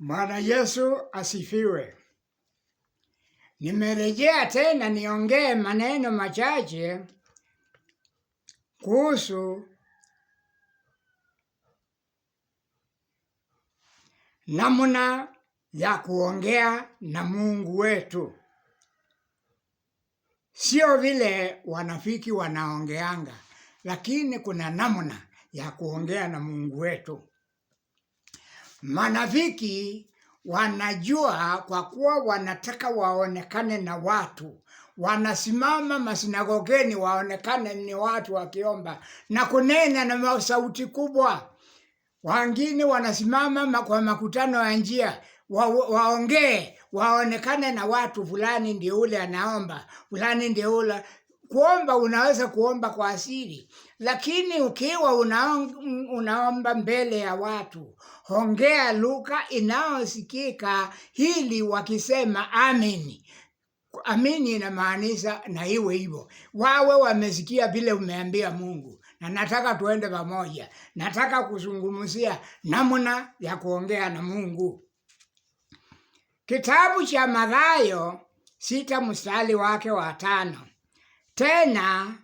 Bwana Yesu asifiwe. Nimerejea tena niongee maneno machache kuhusu namna ya kuongea na Mungu wetu. Sio vile wanafiki wanaongeanga, lakini kuna namna ya kuongea na Mungu wetu. Manaviki wanajua kwa kuwa wanataka waonekane na watu, wanasimama masinagogeni waonekane ni watu wakiomba na kunena na sauti kubwa. wangine wanasimama kwa makutano ya njia wa, waongee waonekane na watu, fulani ndio ule anaomba, fulani ndio ule Kuomba unaweza kuomba kwa asili, lakini ukiwa unaomba mbele ya watu, ongea lugha inayosikika, hili wakisema amini. Amini inamaanisha na iwe hivyo, wawe wamesikia vile umeambia Mungu. Na nataka tuende pamoja, nataka kuzungumzia namna ya kuongea na Mungu. Kitabu cha Mathayo sita mstari wake wa tano tena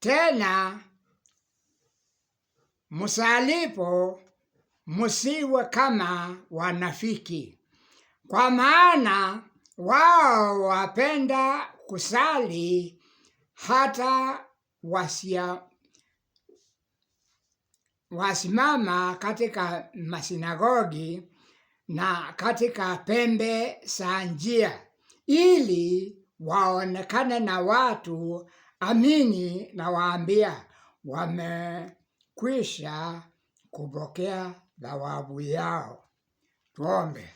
tena msalipo musiwe kama wanafiki, kwa maana wao wapenda kusali hata wasia wasimama katika masinagogi na katika pembe za njia, ili waonekane na watu. Amini nawaambia, wamekwisha kupokea thawabu yao. Tuombe.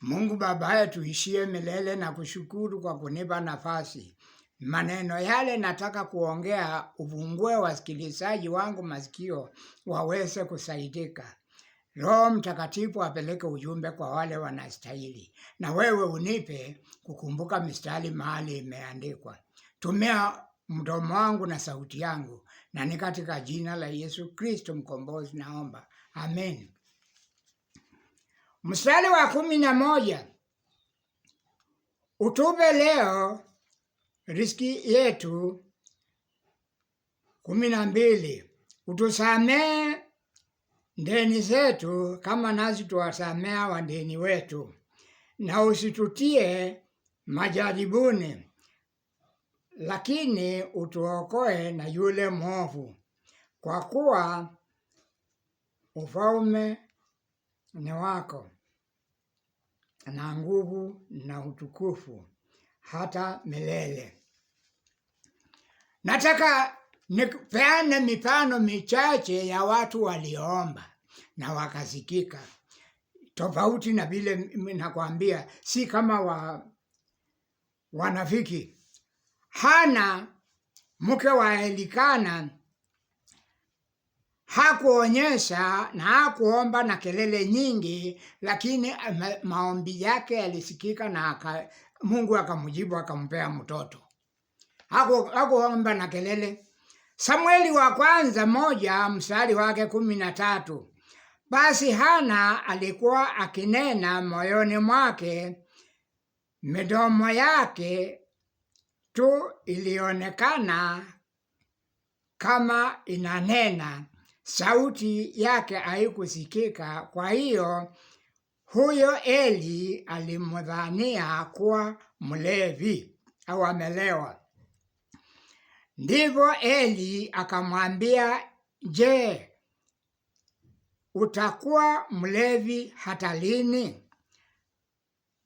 Mungu Baba yetu tuishie milele na kushukuru kwa kunipa nafasi. Maneno yale nataka kuongea, ufungue wasikilizaji wangu masikio waweze kusaidika. Roho Mtakatifu apeleke ujumbe kwa wale wanastahili, na wewe unipe kukumbuka mistari mahali imeandikwa. Tumia mdomo wangu na sauti yangu, na ni katika jina la Yesu Kristo mkombozi naomba, amen. Mstari wa kumi na moja utupe leo riski yetu. kumi na mbili utusamee Ndeni zetu kama nasi tuwasamea wadeni wetu, na usitutie majaribuni, lakini utuokoe na yule mwovu, kwa kuwa ufalme ni wako na nguvu na utukufu hata milele. Nataka Nipeane mifano michache ya watu walioomba na wakasikika, tofauti na vile nakwambia, si kama wa wanafiki. Hana mke wa Elikana hakuonyesha na hakuomba na kelele nyingi, lakini maombi yake yalisikika na haka, Mungu akamjibu akampea mtoto. Hakuomba na kelele Samueli wa kwanza moja mstari wake kumi na tatu. Basi Hana alikuwa akinena moyoni mwake, midomo yake tu ilionekana kama inanena, sauti yake haikusikika. Kwa hiyo huyo Eli alimdhania kuwa mlevi au amelewa. Ndivyo Eli akamwambia, Je, utakuwa mlevi hata lini?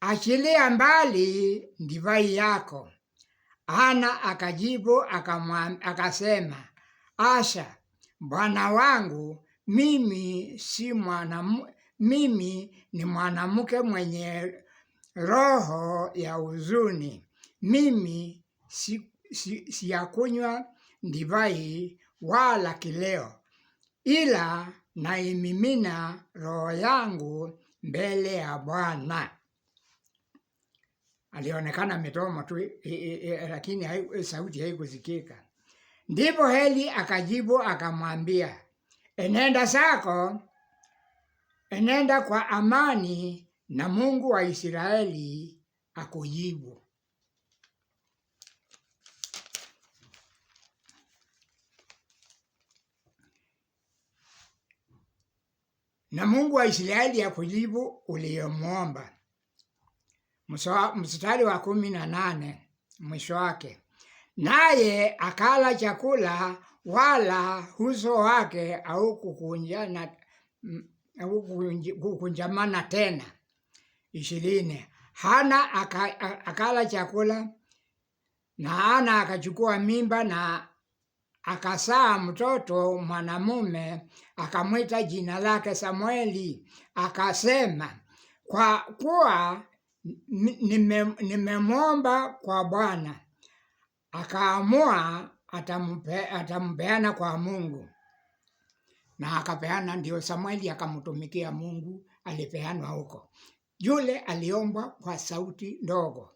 Achilia mbali divai yako. ana akajibu akasema, Asha bwana wangu, mimi si mwana, mimi ni mwanamke mwenye roho ya huzuni, mimi si si, si kunywa divai wala kileo, ila naimimina roho yangu mbele ya Bwana. Alionekana ametoa tu, lakini hai, sauti haikusikika. Ndipo Heli akajibu akamwambia, enenda zako, enenda kwa amani, na Mungu wa Israeli akujibu. na Mungu wa Israeli akujibu uliyomwomba. Mstari wa kumi na nane mwisho wake, naye akala chakula wala uso wake au kukunjana au tena. ishirini Hana akala chakula na ana akachukua mimba na Akasaa mtoto mwanamume, akamwita jina lake Samueli, akasema kwa kuwa nimemwomba kwa Bwana, akaamua atampeana kwa Mungu. Na akapeana, ndio Samueli akamtumikia Mungu, alipeanwa huko. Yule aliombwa kwa sauti ndogo.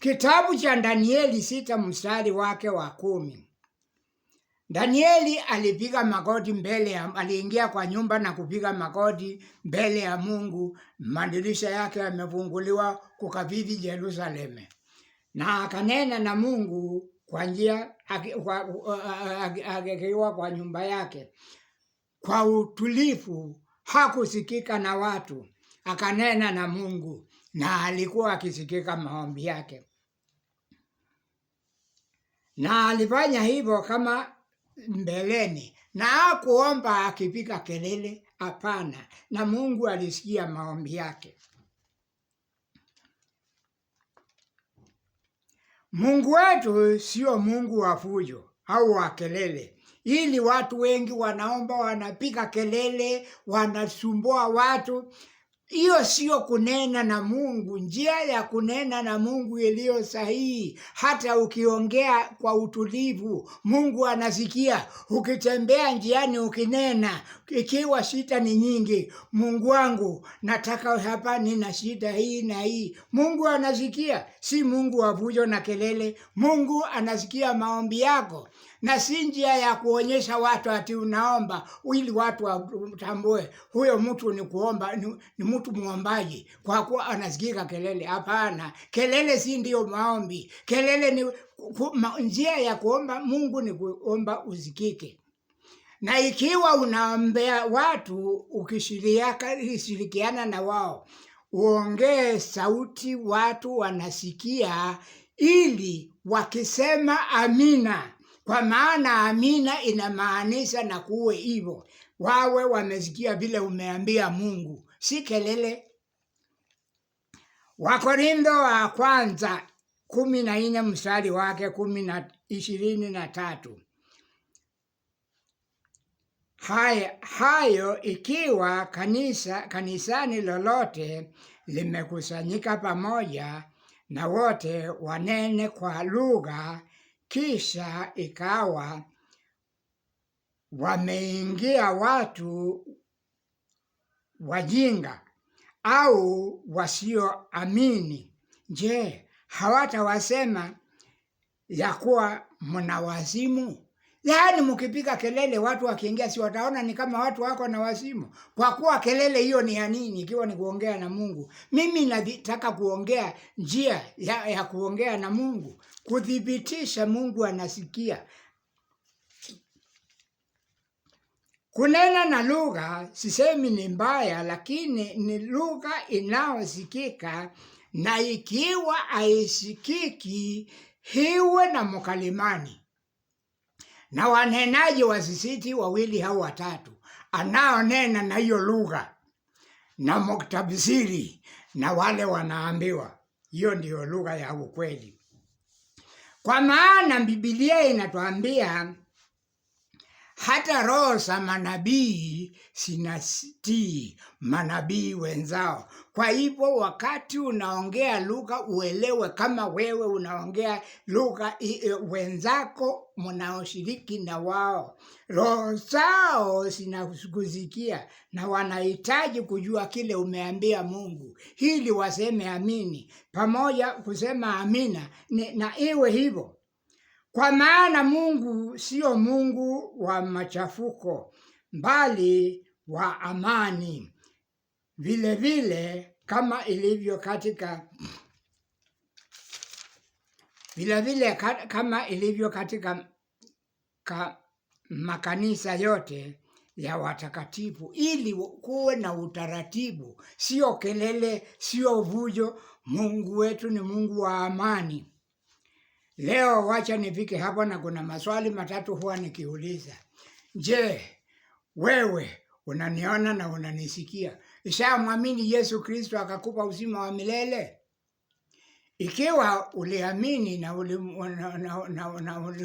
Kitabu cha Danieli sita mstari wake wa kumi Danieli alipiga magoti mbele ya, aliingia kwa nyumba na kupiga magoti mbele ya Mungu, madirisha yake yamefunguliwa kukabidhi Yerusalemu, na akanena na Mungu kwa njia akiwa kwa nyumba yake kwa utulivu, hakusikika na watu, akanena na Mungu na alikuwa akisikika maombi yake, na alifanya hivyo kama mbeleni na hakuomba akipiga kelele. Hapana, na Mungu alisikia maombi yake. Mungu wetu sio Mungu wa fujo au wa kelele, ili watu wengi wanaomba, wanapiga kelele, wanasumbua watu hiyo sio kunena na Mungu. Njia ya kunena na Mungu iliyo sahihi, hata ukiongea kwa utulivu, Mungu anasikia. Ukitembea njiani ukinena, ikiwa shida ni nyingi, Mungu wangu, nataka hapa, nina shida hii na hii, Mungu anasikia. Si Mungu avujo na kelele. Mungu anasikia maombi yako na si njia ya kuonyesha watu ati unaomba ili watu watambue huyo mtu ni kuomba ni, ni mtu muombaji kwa kuwa anasikika kelele. Hapana, kelele si ndiyo maombi. Kelele ni ma, njia ya kuomba Mungu ni kuomba usikike na ikiwa unaombea watu ukishirikiana na wao, uongee sauti watu wanasikia, ili wakisema amina kwa maana amina inamaanisha na kuwe hivyo, wawe wamesikia vile umeambia Mungu, si kelele. Wakorintho wa kwanza kumi na nne mstari wake kumi na ishirini na tatu. Haya, hayo ikiwa kanisa kanisani lolote limekusanyika pamoja na wote wanene kwa lugha kisha ikawa wameingia watu wajinga au wasioamini. Je, hawatawasema ya kuwa mna wazimu? Yaani mkipiga kelele watu wakiingia, si wataona ni kama watu wako na wazimu? Kwa kuwa kelele hiyo ni ya nini ikiwa ni kuongea na Mungu? Mimi nataka kuongea njia ya, ya kuongea na Mungu kuthibitisha Mungu anasikia. Kunena na lugha, sisemi ni mbaya, lakini ni lugha inayosikika, na ikiwa haisikiki hiwe na mkalimani na wanenaji wasisiti wawili au watatu, anaonena na hiyo lugha na muktabisiri na wale wanaambiwa. Hiyo ndiyo lugha ya ukweli. Kwa maana Biblia inatuambia hata roho za manabii zinatii manabii wenzao. Kwa hivyo wakati unaongea lugha uelewe kama wewe unaongea lugha e, wenzako mnaoshiriki na wao, roho zao zinakusikia na wanahitaji kujua kile umeambia Mungu ili waseme amini pamoja kusema amina, na iwe hivyo kwa maana Mungu sio Mungu wa machafuko, bali wa amani, vile vile kama ilivyo katika vile vile kama ilivyo katika ka, makanisa yote ya watakatifu, ili kuwe na utaratibu, sio kelele, sio vujo. Mungu wetu ni Mungu wa amani. Leo wacha nifike hapa, na kuna maswali matatu huwa nikiuliza. Je, wewe unaniona na unanisikia? Ishamwamini Yesu Kristo akakupa uzima wa milele? Ikiwa uliamini na, na, na, na, uli,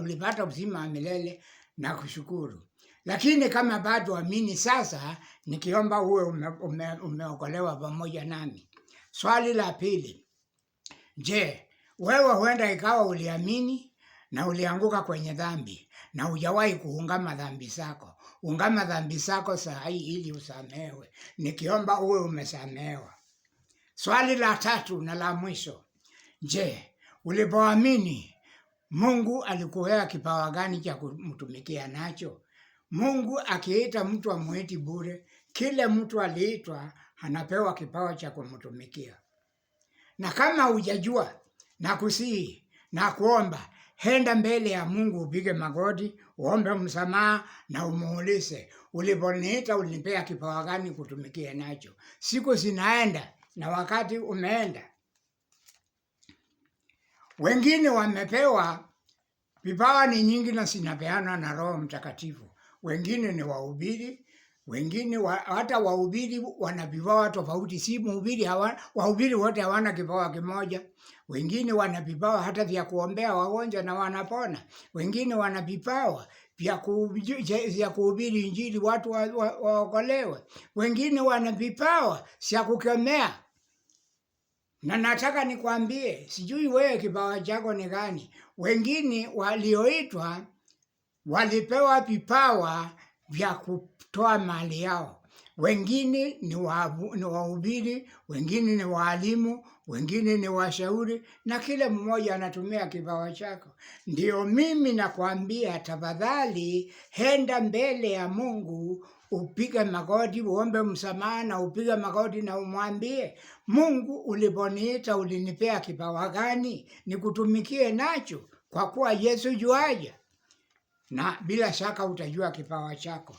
ulipata uzima wa milele na kushukuru, lakini kama bado amini, sasa nikiomba uwe ume, ume, umeokolewa pamoja nami. Swali la pili, je wewe huenda ikawa uliamini na ulianguka kwenye dhambi na hujawahi kuungama dhambi zako. Ungama dhambi zako saa hii ili usamewe, nikiomba uwe umesamewa. Swali la tatu na la mwisho, je, ulipoamini Mungu alikuwea kipawa gani cha kumtumikia nacho? Mungu akiita mtu amuiti bure. Kile mtu aliitwa anapewa kipawa cha kumtumikia, na kama hujajua na kusii na kuomba, henda mbele ya Mungu upige magoti, uombe msamaha na umuulize, uliponiita ulinipea kipawa gani kutumikia nacho? Siku zinaenda na wakati umeenda. Wengine wamepewa vipawa ni nyingi na zinapeanwa na Roho Mtakatifu. Wengine ni wahubiri, wengine wa, hata wahubiri wana vipawa tofauti, si mhubiri hawa, wahubiri wote hawana kipawa kimoja. Wengine wana vipawa hata vya kuombea wagonjwa na wanapona. Wengine wana vipawa vya kuhubiri Injili watu waokolewe. Wa, wa wengine wana vipawa vya kukemea na nataka nikwambie, sijui wewe kipawa chako ni gani. Wengine walioitwa walipewa vipawa vya kutoa mali yao wengine ni wahubiri, wengine ni waalimu, wengine ni washauri, na kila mmoja anatumia kipawa chako. Ndio mimi nakwambia, tafadhali henda mbele ya Mungu, upige magoti, uombe msamaha na upige magoti na umwambie Mungu, uliponiita ulinipea kipawa gani nikutumikie nacho, kwa kuwa Yesu juaja, na bila shaka utajua kipawa chako.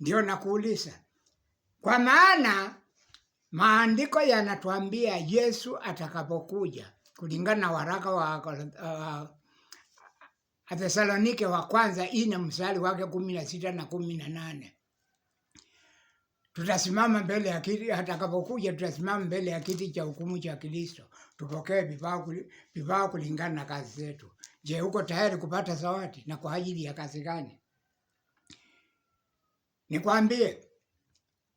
Ndio nakuuliza kwa maana maandiko yanatuambia Yesu atakapokuja kulingana na waraka wa uh, Wathesalonike wa kwanza ina mstari wake kumi na sita na kumi na nane tutasimama mbele ya kiti atakapokuja, tutasimama mbele ya kiti cha hukumu cha Kristo, tupokee vifaa kulingana na kazi zetu. Je, uko tayari kupata zawadi? Na kwa ajili ya kazi gani? Nikwambie,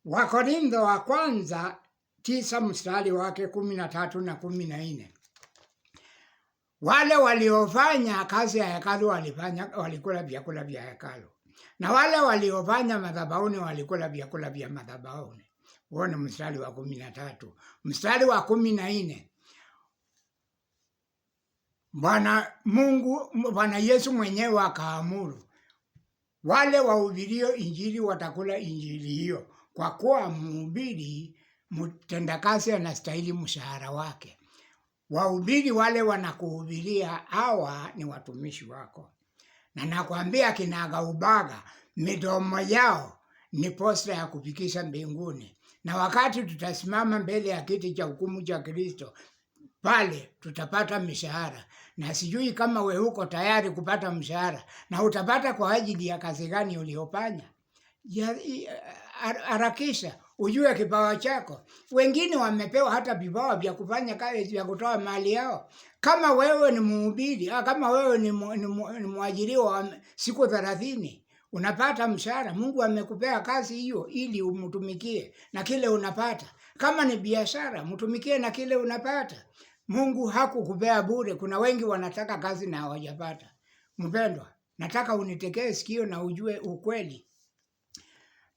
Wakorintho wa kwanza tisa mstari wake kumi na tatu na kumi na nne wale waliofanya kazi ya hekalu walifanya walikula vyakula vya hekalu na wale waliofanya madhabauni walikula vyakula vya madhabauni. Huo ni mstari wa kumi na tatu. Mstari wa kumi na nne Bwana Mungu, Bwana Yesu mwenyewe akaamuru wale wahubirio injili watakula injili hiyo, kwa kuwa mhubiri mtendakazi anastahili mshahara wake. Wahubiri wale wanakuhubiria hawa ni watumishi wako, na nakwambia kinagaubaga midomo yao ni posta ya kufikisha mbinguni, na wakati tutasimama mbele ya kiti cha hukumu cha Kristo, pale tutapata mishahara, na sijui kama we uko tayari kupata mshahara, na utapata kwa ajili ya kazi gani uliofanya harakisha ujue kipawa chako. Wengine wamepewa hata vipawa vya kufanya kazi, vya kutoa mali yao. Kama wewe ni mhubiri, ah, kama wewe ni, ni mwajiriwa wa siku thelathini unapata mshahara, Mungu amekupea kazi hiyo ili umtumikie na kile unapata. Kama ni biashara, mtumikie na kile unapata. Mungu hakukupea bure. Kuna wengi wanataka kazi na hawajapata. Mpendwa, nataka unitekee sikio na ujue ukweli.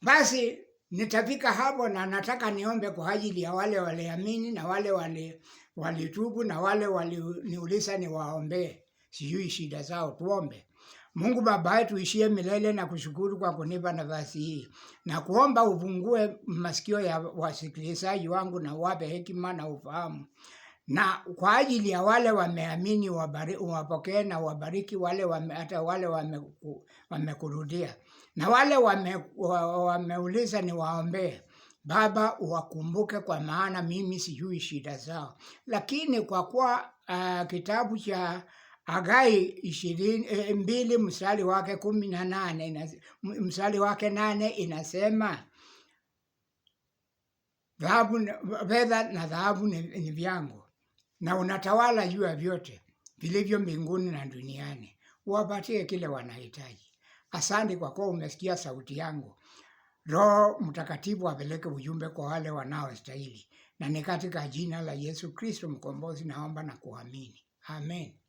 Basi nitafika hapo na nataka niombe kwa ajili ya wale waliamini na wale wale walitubu na wale waliniuliza niwaombee, sijui shida zao. Tuombe. Mungu Baba yetu ishie milele na kushukuru kwa kunipa nafasi hii na kuomba ufungue masikio ya wasikilizaji wangu na uwape hekima na ufahamu, na kwa ajili ya wale wameamini, uwapokee na uwabariki wale wame, hata wale wamekurudia wame na wale wameuliza ni niwaombee Baba uwakumbuke, kwa maana mimi sijui shida zao. Lakini kwa kuwa uh, kitabu cha Hagai ishirini e, mbili mstari wake kumi na nane mstari wake nane inasema fedha na dhahabu ni, ni vyangu na unatawala juu ya vyote vilivyo mbinguni na duniani, uwapatie kile wanahitaji. Asante kwa kuwa umesikia sauti yangu. Roho Mtakatifu apeleke ujumbe kwa wale wanaostahili, na ni katika jina la Yesu Kristo mkombozi naomba na kuamini, amen.